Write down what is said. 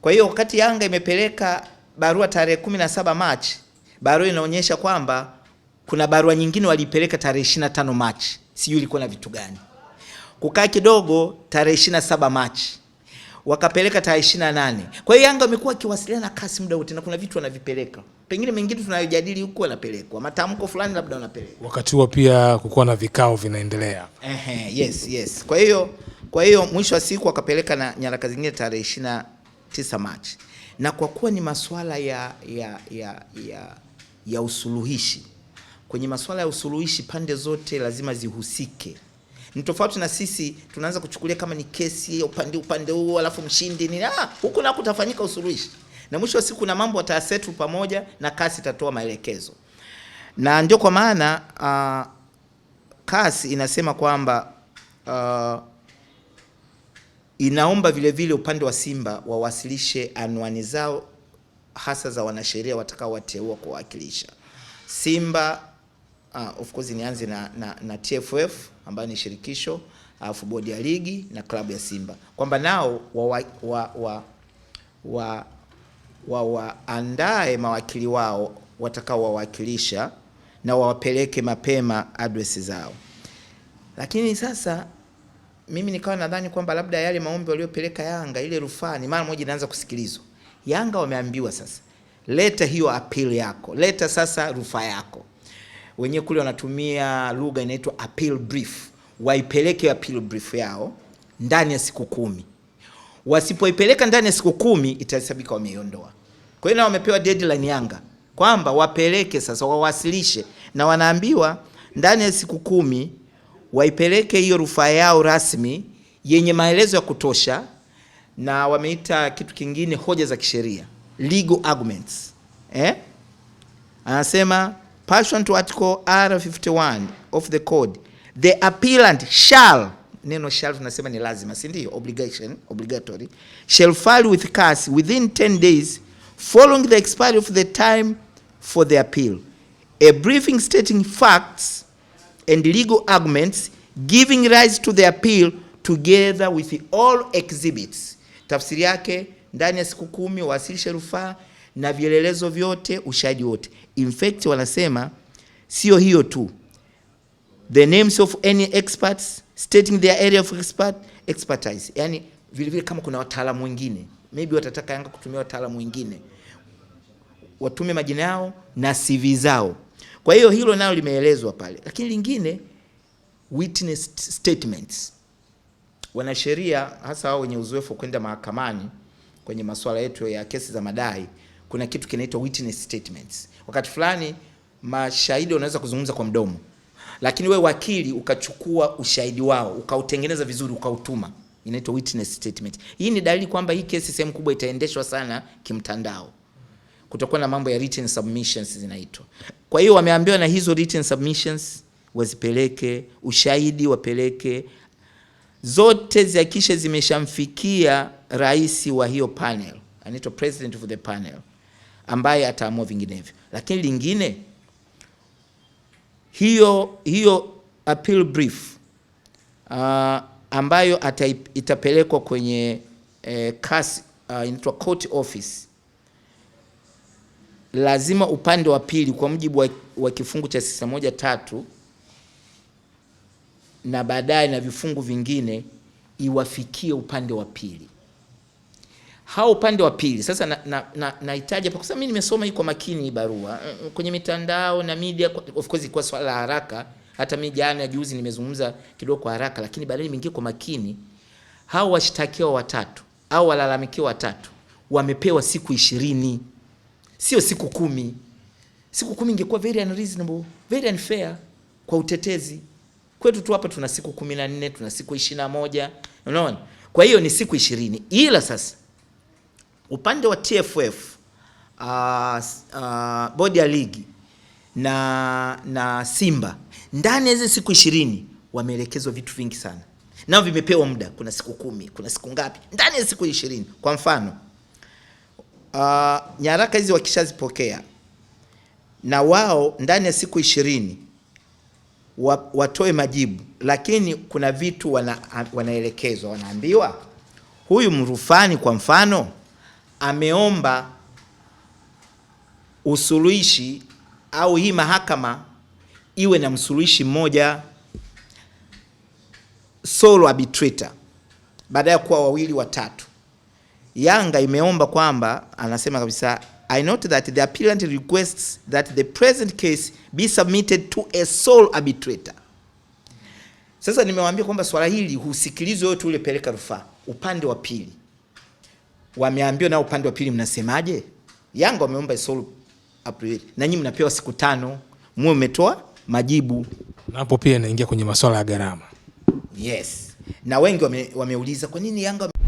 Kwa hiyo wakati Yanga imepeleka barua tarehe 17 Machi, barua inaonyesha kwamba kuna barua nyingine walipeleka tarehe 25 Machi, sijui ilikuwa na vitu gani. Kukaa kidogo, tarehe 27 Machi wakapeleka tarehe 28. Kwa hiyo Yanga imekuwa ikiwasiliana kasi muda wote, na kuna vitu wanavipeleka, pengine mengine tunayojadili huko yanapelekwa, matamko fulani labda wanapeleka. Wakati huo pia kukuwa na vikao vinaendelea. Ehe, yes, yes. Kwa hiyo kwa hiyo mwisho wa siku wakapeleka na nyaraka zingine tarehe tisa Machi, na kwa kuwa ni masuala ya, ya, ya, ya, ya usuluhishi. Kwenye masuala ya usuluhishi pande zote lazima zihusike. Ni tofauti na sisi tunaanza kuchukulia kama ni kesi upande upande huo alafu mshindi ni ah, huku na kutafanyika usuluhishi, na mwisho wa siku na mambo watasetu pamoja na kasi itatoa maelekezo, na ndio kwa maana uh, kasi inasema kwamba uh, Inaomba vilevile upande wa Simba wawasilishe anwani zao hasa za wanasheria watakaowateua kuwakilisha Simba. Uh, of course nianze na, na, na TFF ambayo ni shirikisho alafu uh, bodi ya ligi na klabu ya Simba kwamba nao wa, wa, wa, wa, wa, wa mawakili wao watakaowawakilisha na wawapeleke mapema address zao, lakini sasa mimi nikawa nadhani kwamba labda yale maombi waliopeleka Yanga ile rufaa ni mara moja inaanza kusikilizwa. Yanga wameambiwa sasa, leta hiyo appeal yako, leta sasa rufaa yako. Wenyewe kule wanatumia lugha inaitwa appeal brief, waipeleke appeal brief yao ndani ya siku kumi. Wasipoipeleka ndani ya siku kumi itahesabika wameiondoa. Kwa hiyo wamepewa deadline Yanga kwamba wapeleke sasa, wawasilishe, na wanaambiwa ndani ya siku kumi waipeleke hiyo rufaa yao rasmi yenye maelezo ya kutosha, na wameita kitu kingine hoja za kisheria, legal arguments eh? Anasema pursuant to article R51 of the code the appellant shall neno shall tunasema ni lazima, si ndio? Obligation, obligatory shall file with CAS within 10 days following the expiry of the time for the appeal a briefing stating facts and legal arguments giving rise to the appeal together with all exhibits. Tafsiri yake ndani ya siku kumi wasilishe rufaa na vielelezo vyote, ushahidi wote. In fact, wanasema sio hiyo tu, the names of any experts stating their area of expert, expertise. Yani vile vile kama kuna wataalamu wengine maybe watataka Yanga kutumia wataalamu wengine, watume majina yao na CV zao. Kwa hiyo hilo nalo limeelezwa pale, lakini lingine witness statements. Wanasheria hasa wao wenye uzoefu kwenda mahakamani kwenye masuala yetu ya kesi za madai, kuna kitu kinaitwa witness statements. Wakati fulani mashahidi wanaweza kuzungumza kwa mdomo, lakini we wakili ukachukua ushahidi wao ukautengeneza vizuri ukautuma, inaitwa witness statement. Hii ni dalili kwamba hii kesi sehemu kubwa itaendeshwa sana kimtandao, kutakuwa na mambo ya written submissions zinaitwa. Kwa hiyo wameambiwa na hizo written submissions wazipeleke, ushahidi wapeleke, zote zihakikishe zimeshamfikia rais wa hiyo panel, anaitwa president of the panel, ambaye ataamua vinginevyo. Lakini lingine hiyo hiyo appeal brief uh, ambayo ata, itapelekwa kwenye eh, CAS, uh, ah, inaitwa court office lazima upande wa pili kwa mujibu wa, wa kifungu cha sita moja tatu na baadaye na vifungu vingine iwafikie upande wa pili hao upande wa pili sasa nahitaji na, na, na kwa sababu mimi nimesoma hii kwa makini hii barua mm, mm, kwenye mitandao na media, of course kwa swala la haraka. Hata mimi jana juzi nimezungumza kidogo kwa haraka, lakini baadaye nimeingia kwa makini. Hao washtakiwa watatu au walalamikiwa watatu wamepewa siku ishirini sio siku kumi. Siku kumi ingekuwa very unreasonable, very unfair kwa utetezi. Kwetu tu hapa tuna siku kumi na nne, tuna siku ishirini na moja, unaona? Kwa hiyo ni siku ishirini, ila sasa upande wa TFF uh, uh, bodi ya ligi na, na Simba ndani ya hizi siku ishirini wameelekezwa vitu vingi sana, nao vimepewa muda. Kuna siku kumi, kuna siku ngapi ndani ya siku ishirini. Kwa mfano uh, nyaraka hizi wakishazipokea na wao ndani ya siku ishirini watoe majibu, lakini kuna vitu wana, wanaelekezwa wanaambiwa, huyu mrufani kwa mfano ameomba usuluhishi au hii mahakama iwe na msuluhishi mmoja solo arbitrator, baada ya kuwa wawili watatu. Yanga imeomba kwamba anasema kabisa I note that the appellant requests that the present case be submitted to a sole arbitrator. Sasa nimewaambia kwamba swala hili husikilizwe yote ule peleka rufaa upande wa pili. Wameambiwa na upande wa pili mnasemaje? Yanga wameomba sole arbitrator. Na nyinyi mnapewa siku tano muwe umetoa majibu. Na hapo pia inaingia kwenye masuala ya gharama. Yes. Na wengi wame, wameuliza kwa nini Yanga wame...